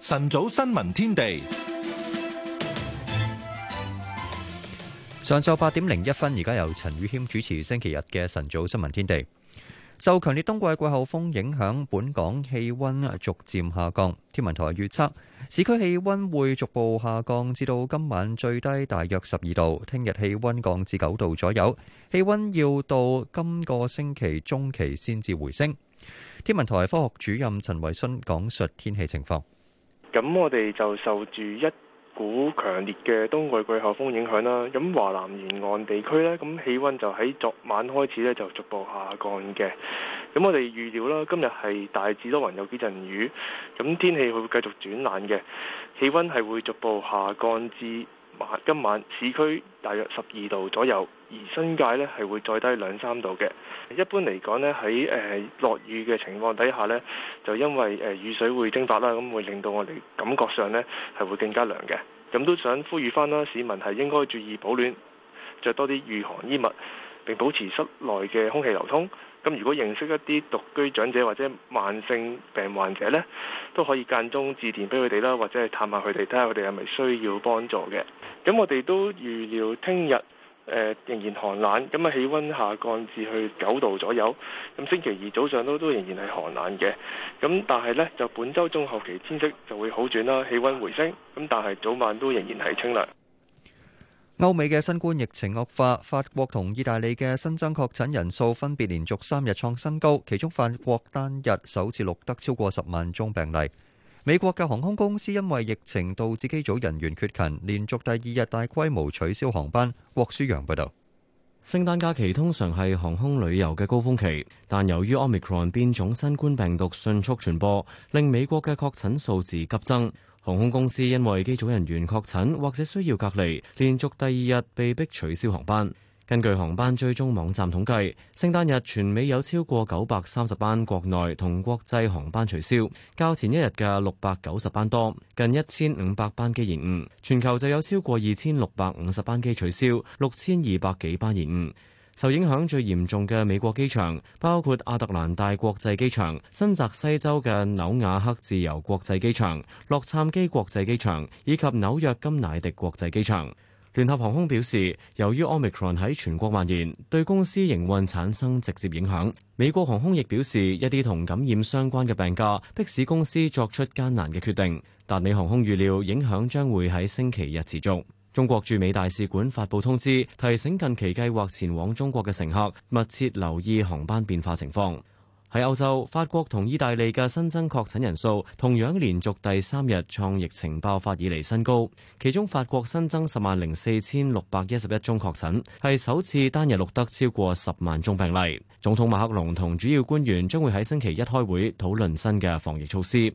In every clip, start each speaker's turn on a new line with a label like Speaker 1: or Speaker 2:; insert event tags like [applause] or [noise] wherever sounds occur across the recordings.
Speaker 1: 晨早新聞天地，上晝八
Speaker 2: 點零一分，而家由陳宇謙主持星期日嘅晨早新聞天地。受強烈冬季季候風影響，本港氣溫逐漸下降。天文台預測，市區氣溫會逐步下降，至到今晚最低大約十二度，聽日氣溫降至九度左右，氣溫要到今個星期中期先至回升。天文台科學主任陳維勳講述天氣情況。.
Speaker 3: 咁我哋就受住一股強烈嘅冬季季候風影響啦。咁華南沿岸地區咧，咁氣溫就喺昨晚開始咧就逐步下降嘅。咁我哋預料啦，今日係大致多雲，有幾陣雨。咁天氣會繼續轉冷嘅，氣溫係會逐步下降至。今晚市區大約十二度左右，而新界呢係會再低兩三度嘅。一般嚟講呢，喺誒落雨嘅情況底下呢，就因為誒、呃、雨水會蒸發啦，咁會令到我哋感覺上呢係會更加涼嘅。咁都想呼籲返啦，市民係應該注意保暖，着多啲御寒衣物，並保持室內嘅空氣流通。咁如果認識一啲獨居長者或者慢性病患者呢，都可以間中致電俾佢哋啦，或者係探下佢哋，睇下佢哋係咪需要幫助嘅。咁我哋都預料聽日、呃、仍然寒冷，咁啊氣温下降至去九度左右。咁星期二早上都都仍然係寒冷嘅。咁但係呢，就本周中後期天色就會好轉啦，氣温回升。咁但係早晚都仍然係清涼。
Speaker 2: 歐美嘅新冠疫情惡化，法國同意大利嘅新增確診人數分別連續三日創新高，其中法國單日首次錄得超過十萬宗病例。美國嘅航空公司因為疫情導致機組人員缺勤，連續第二日大規模取消航班。郭書洋報
Speaker 4: 道。聖誕假期通常係航空旅遊嘅高峰期，但由於 Omicron 變種新冠病毒迅速傳播，令美國嘅確診數字急增。航空公司因為機組人員確診或者需要隔離，連續第二日被迫取消航班。根據航班追蹤網站統計，聖誕日全美有超過九百三十班國內同國際航班取消，較前一日嘅六百九十班多，近一千五百班機延誤。全球就有超過二千六百五十班機取消，六千二百幾班延誤。受影響最嚴重嘅美國機場包括亞特蘭大國際機場、新澤西州嘅紐雅克自由國際機場、洛杉磯國際機場以及紐約金乃迪國際機場。聯合航空表示，由於 Omicron 喺全國蔓延，對公司營運產生直接影響。美國航空亦表示，一啲同感染相關嘅病假，迫使公司作出艱難嘅決定。達美航空預料影響將會喺星期日持續。中國駐美大使館發佈通知，提醒近期計劃前往中國嘅乘客，密切留意航班變化情況。喺歐洲，法國同意大利嘅新增確診人數同樣連續第三日創疫情爆發以嚟新高，其中法國新增十萬零四千六百一十一宗確診，係首次單日錄得超過十萬宗病例。總統馬克龍同主要官員將會喺星期一開會討論新嘅防疫措施。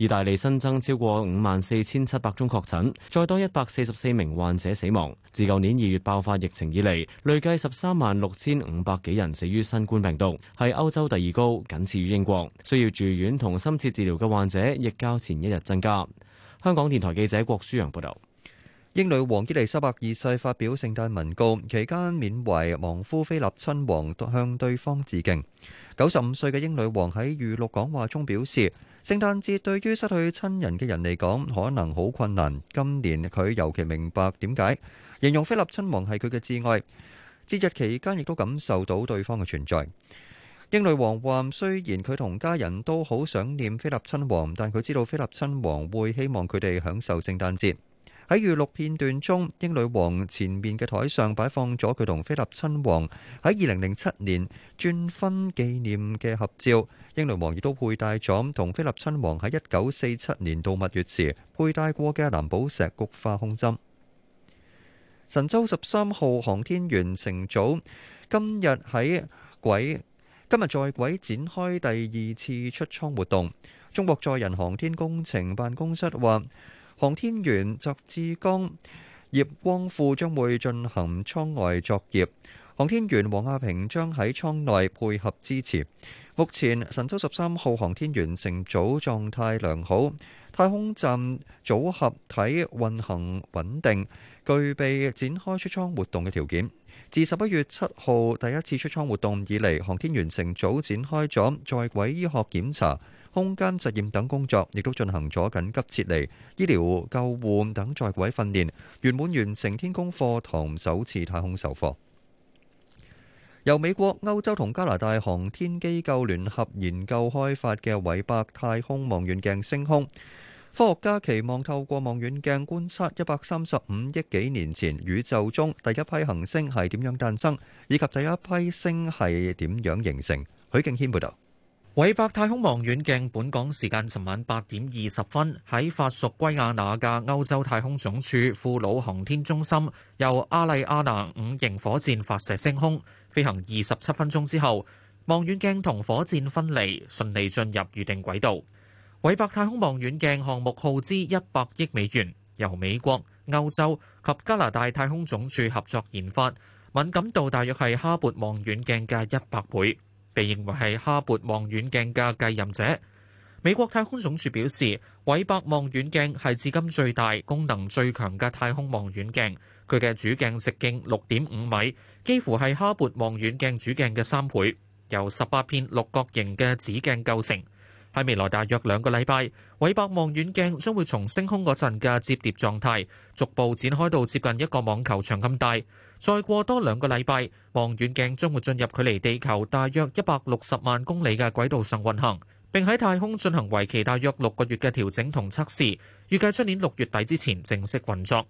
Speaker 4: 意大利新增超過五萬四千七百宗確診，再多一百四十四名患者死亡。自舊年二月爆發疫情以嚟，累計十三萬六千五百幾人死於新冠病毒，係歐洲第二高，僅次於英國。需要住院同深切治療嘅患者亦較前一日增加。香港電台記者郭舒揚報道。英女王伊麗莎白二世發表聖誕文告期
Speaker 2: 間，緬懷亡夫菲立親王向對方致敬。九十五歲嘅英女王喺預錄講話中表示。聖誕節對於失去親人嘅人嚟講，可能好困難。今年佢尤其明白點解，形容菲立親王係佢嘅摯愛。節日期間亦都感受到對方嘅存在。英女王話，雖然佢同家人都好想念菲立親王，但佢知道菲立親王會希望佢哋享受聖誕節。喺預錄片段中，英女王前面嘅台上擺放咗佢同菲臘親王喺二零零七年鑽婚紀念嘅合照。英女王亦都佩戴咗同菲臘親王喺一九四七年度蜜月時佩戴過嘅藍寶石菊花胸針。神舟十三號航天員乘組今日喺軌，今日在軌展開第二次出艙活動。中國載人航天工程辦公室話，航天員翟志剛、葉光富將會進行艙外作業，航天員王亞平將喺艙內配合支持。目前神舟十三號航天員乘組狀態良好，太空站組合體運行穩定，具備展開出艙活動嘅條件。自十一月七號第一次出艙活動以嚟，航天員乘組展開咗在軌醫學檢查。空間實驗等工作，亦都進行咗緊急撤離、醫療救援等在軌訓練，圓滿完成天宮課堂首次太空授課。由美國、歐洲同加拿大航天機構聯合研究開發嘅韋伯太空望遠鏡升空，科學家期望透過望遠鏡觀察一百三十五億幾年前宇宙中第一批行星系點樣誕生，以及第一批星系點樣形成。許敬軒報道。
Speaker 1: 韋伯太空望遠鏡本港時間尋晚八點二十分喺法屬圭亞那嘅歐洲太空總署庫魯航天中心由阿麗亞娜五型火箭發射升空，飛行二十七分鐘之後，望遠鏡同火箭分離，順利進入預定軌道。韋伯太空望遠鏡項目耗資一百億美元，由美國、歐洲及加拿大太空總署合作研發，敏感度大約係哈勃望遠鏡嘅一百倍。被認為係哈勃望遠鏡嘅繼任者。美國太空總署表示，韋伯望遠鏡係至今最大、功能最強嘅太空望遠鏡。佢嘅主鏡直徑六點五米，幾乎係哈勃望遠鏡主鏡嘅三倍，由十八片六角形嘅子鏡構成。喺未來大約兩個禮拜，韋伯望遠鏡將會從升空嗰陣嘅摺疊狀態，逐步展開到接近一個網球場咁大。再過多兩個禮拜，望遠鏡將會進入距離地球大約一百六十萬公里嘅軌道上運行，並喺太空進行為期大約六個月嘅調整同測試。預計出年六月底之前正式運作。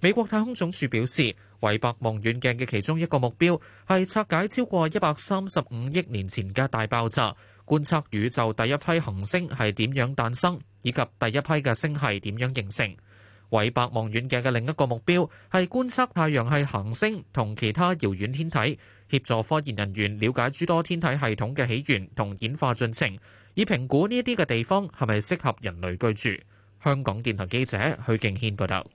Speaker 1: 美國太空總署表示，韋伯望遠鏡嘅其中一個目標係拆解超過一百三十五億年前嘅大爆炸。觀測宇宙第一批恒星係點樣誕生，以及第一批嘅星係點樣形成。韋伯望遠鏡嘅另一個目標係觀測太陽系行星同其他遙遠天體，協助科研人員了解諸多天體系統嘅起源同演化進程，以評估呢啲嘅地方係咪適合人類居住。香港電台記者
Speaker 2: 許敬軒報道。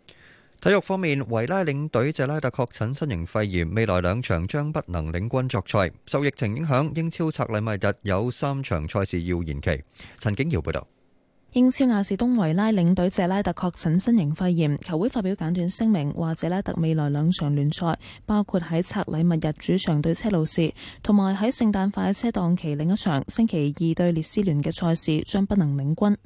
Speaker 2: 體育方面，維拉領隊謝拉特確診新型肺炎，未來兩場將不能領軍作賽。受疫情影響，英超拆禮物日，有三場賽事要延期。陳景瑤報道。
Speaker 5: 英超亞士東維拉領隊謝拉特確診新型肺炎，球會發表簡短聲明話：謝拉特未來兩場聯賽，包括喺拆禮物日主場對車路士，同埋喺聖誕快車檔期另一場星期二對列斯聯嘅賽事，將不能領軍。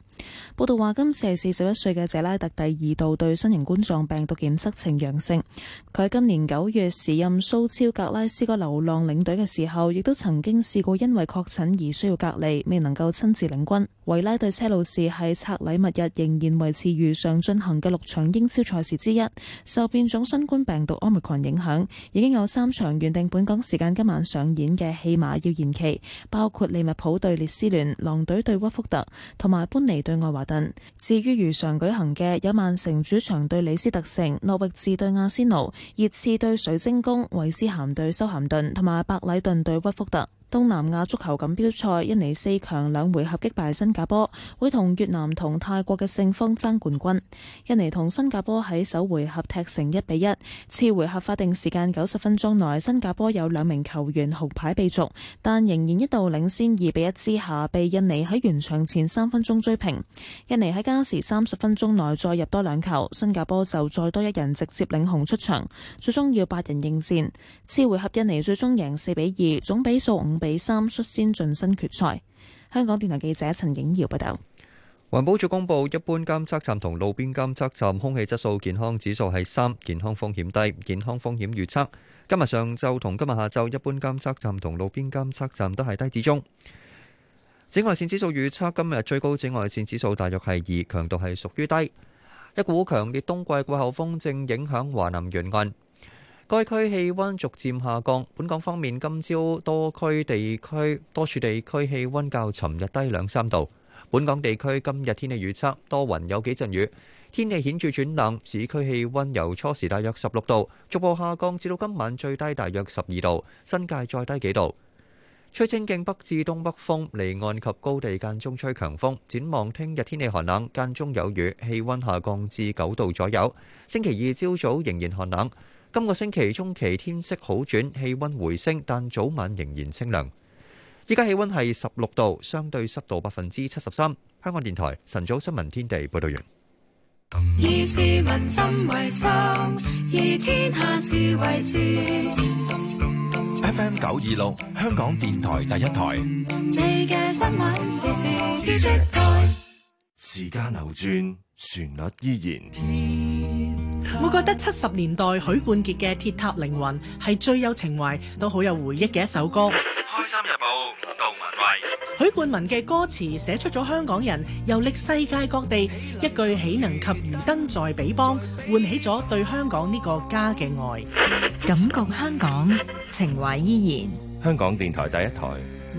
Speaker 5: 報道話，今次係四十一歲嘅謝拉特第二度對新型冠狀病毒檢測呈陽性。佢喺今年九月時任蘇超格拉斯哥流浪領隊嘅時候，亦都曾經試過因為確診而需要隔離，未能夠親自領軍。維拉對車路士，喺拆禮物日仍然維持如常進行嘅六場英超賽事之一，受變種新冠病毒 Omicron 影響，已經有三場原定本港時間今晚上演嘅戲碼要延期，包括利物浦對列斯聯、狼隊對屈福特同埋搬尼對愛華頓。至於如常舉行嘅有曼城主場對李斯特城、諾域治對阿仙奴、熱刺對水晶宮、維斯咸對修咸頓同埋白禮頓對屈福特。東南亞足球錦標賽印尼四強兩回合擊敗新加坡，會同越南同泰國嘅勝方爭冠軍。印尼同新加坡喺首回合踢成一比一，次回合法定時間九十分鐘內新加坡有兩名球員紅牌被逐，但仍然一度領先二比一之下，被印尼喺完場前三分鐘追平。印尼喺加時三十分鐘內再入多兩球，新加坡就再多一人直接領紅出場，最終要八人應戰。次回合印尼最終贏四比二，總比數五。比三率先晉身決賽。香港電台記者陳景耀報道。
Speaker 2: 環保署公布，一般監測站同路邊監測站空氣質素健康指數係三，健康風險低，健康風險預測今日上晝同今日下晝一般監測站同路邊監測站都係低至中。紫外線指數預測今日最高紫外線指數大約係二，強度係屬於低。一股強烈冬季季候風正影響華南沿岸。該區氣温逐漸下降。本港方面，今朝多區地區多處地區氣温較尋日低兩三度。本港地區今日天氣預測多雲，有幾陣雨，天氣顯著轉冷。市區氣温由初時大約十六度，逐步下降至到今晚最低大約十二度，新界再低幾度。吹清勁北至東北風，離岸及高地間中吹強風。展望聽日天氣寒冷，間中有雨，氣温下降至九度左右。星期二朝早仍然寒冷。今個星期中期天色好轉，氣溫回升，但早晚仍然清涼。依家氣溫係十六度，相對濕度百分之七十三。香港電台晨早新聞天地報道完。
Speaker 3: F.M. 九二六，香港電台第一台。你嘅新聞時時節節睇，時間流轉，旋律依然。
Speaker 5: 我覺得七十年代許冠傑嘅《鐵塔凌雲》係最有情懷、都好有回憶嘅一首歌。《開心日報》杜文慧，許冠文嘅歌詞寫出咗香港人遊歷世界各地，凡凡一句豈能及漁燈在彼邦，喚起咗對香港呢個家嘅愛，感覺香港情懷依然。
Speaker 3: 香港電台第一台，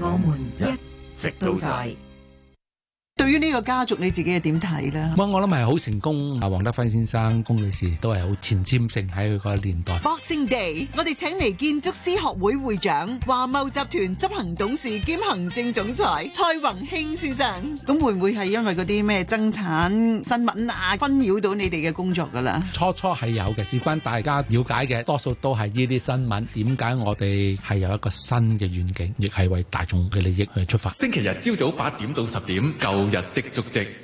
Speaker 5: 我們一
Speaker 6: 直都在。對於呢個家族你自己係點睇咧？
Speaker 7: 我我諗係好成功啊！王德輝先生、龔女士都係好前瞻性喺佢個年代。
Speaker 6: Boxing Day，我哋請嚟建築師學會會長、華懋集團執行董事兼行政總裁蔡宏興先生。咁會唔會係因為嗰啲咩爭產新聞啊，紛擾到你哋嘅工作噶啦？初初係有嘅，事關大家了解嘅多數都係呢啲新聞。
Speaker 7: 點解我哋係有一個新嘅願景，亦係為大眾嘅利益去出發？星期日朝
Speaker 1: 早八點到十點，就日的足跡。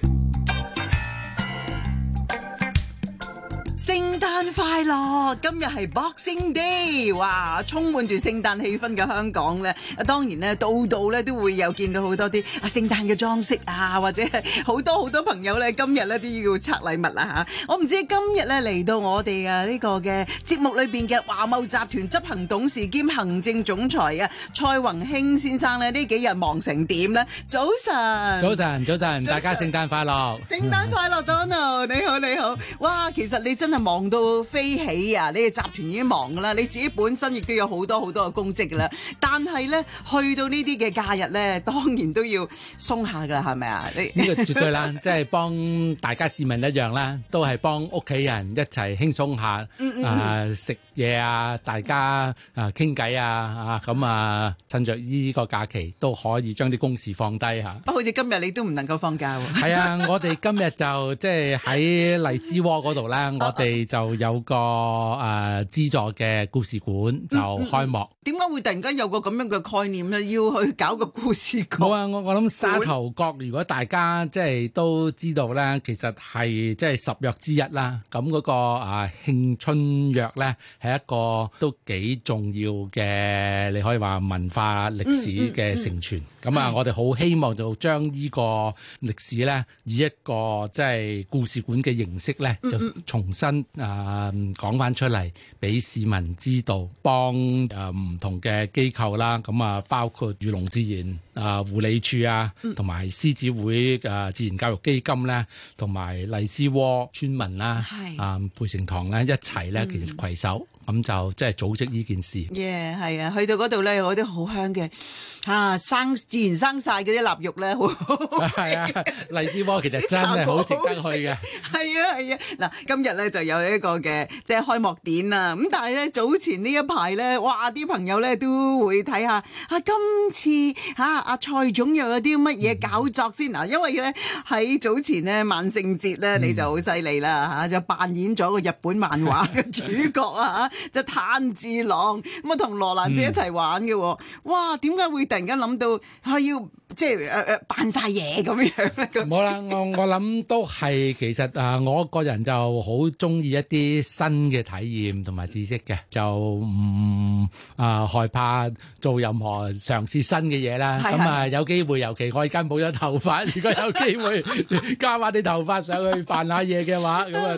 Speaker 6: 快樂，今日係 Boxing Day，哇！充滿住聖誕氣氛嘅香港咧，當然咧，到度咧都會有見到好多啲聖誕嘅裝飾啊，或者好多好多朋友咧，今日咧都要拆禮物啊吓！我唔知今日咧嚟到我哋啊呢個嘅節目裏邊嘅華懋集團執行董事兼行政總裁嘅蔡宏興先生咧，呢幾日忙成點呢？早晨，早晨，
Speaker 7: 早晨，早晨，大家聖誕快樂！聖誕
Speaker 6: 快樂，嗯，Donald，你好，你好，哇！其實你真係忙到～飛起啊！你哋集團已經忙噶啦，你自己本身亦都有好多好多嘅公職噶啦，但係咧去到呢啲嘅假日咧，當然都要鬆下噶啦，係咪啊？呢個絕對啦，
Speaker 7: 即係幫大家市民一樣啦，都係幫屋企人一齊輕鬆下，啊食嘢啊，大家啊傾偈啊，啊咁啊，趁着呢個假期都可以將啲公事放低吓。
Speaker 6: 不過好似今日你都唔能夠放假。係啊，
Speaker 7: 我哋今日就即係喺荔枝窩嗰度啦，我哋就有。個誒資、呃、助嘅故事館就開幕。
Speaker 6: 點解、嗯嗯、會突然間有個咁樣嘅概念咧？要去搞個故事館？好啊，我諗
Speaker 7: 沙頭角如果大家即係都知道咧，其實係即係十約之一啦。咁嗰、那個誒慶、呃、春約咧，係一個都幾重要嘅。你可以話文化歷史嘅承傳。咁啊、嗯，嗯嗯、我哋好希望就將呢個歷史咧，以一個即係故事館嘅形式咧，就重新誒。呃嗯嗯講翻出嚟俾市民知道，幫誒唔同嘅機構啦，咁啊包括漁農自然啊護理署啊，同埋、嗯、獅子會誒自然教育基金咧，同埋荔枝窩村民啦，啊是培成堂咧一齊咧，其實携手。嗯咁就即係組織呢件事。
Speaker 6: 耶，係啊！去到嗰度咧，嗰啲好香嘅嚇，生自然生晒嗰啲臘肉咧，係啊！
Speaker 7: 荔枝窩其實真係茶好值得去嘅。係啊，
Speaker 6: 係啊！嗱、啊，今日咧就有一個嘅即係開幕典啊！咁但係咧早前一呢一排咧，哇！啲朋友咧都會睇下啊，今次嚇阿、啊、蔡總又有啲乜嘢搞作先嗱？嗯、因為咧喺早前咧萬聖節咧，你就好犀利啦嚇，嗯、就扮演咗個日本漫畫嘅主角啊嚇！ [laughs] 就攤字郎咁啊，同羅蘭姐一齊玩嘅、哦嗯、哇！點解會突然間諗到係、啊、要即係誒誒扮晒嘢咁樣咧？冇啦，我我諗
Speaker 7: 都係其實啊、呃，我個人就好中意一啲新嘅體驗同埋知識嘅，就唔啊、呃、害怕做任何嘗試新嘅嘢啦。咁啊是是 有機會，尤其我而家
Speaker 3: 冇咗頭髮， [laughs] 如
Speaker 7: 果有機會加翻啲頭髮上去扮下嘢嘅話，咁啊～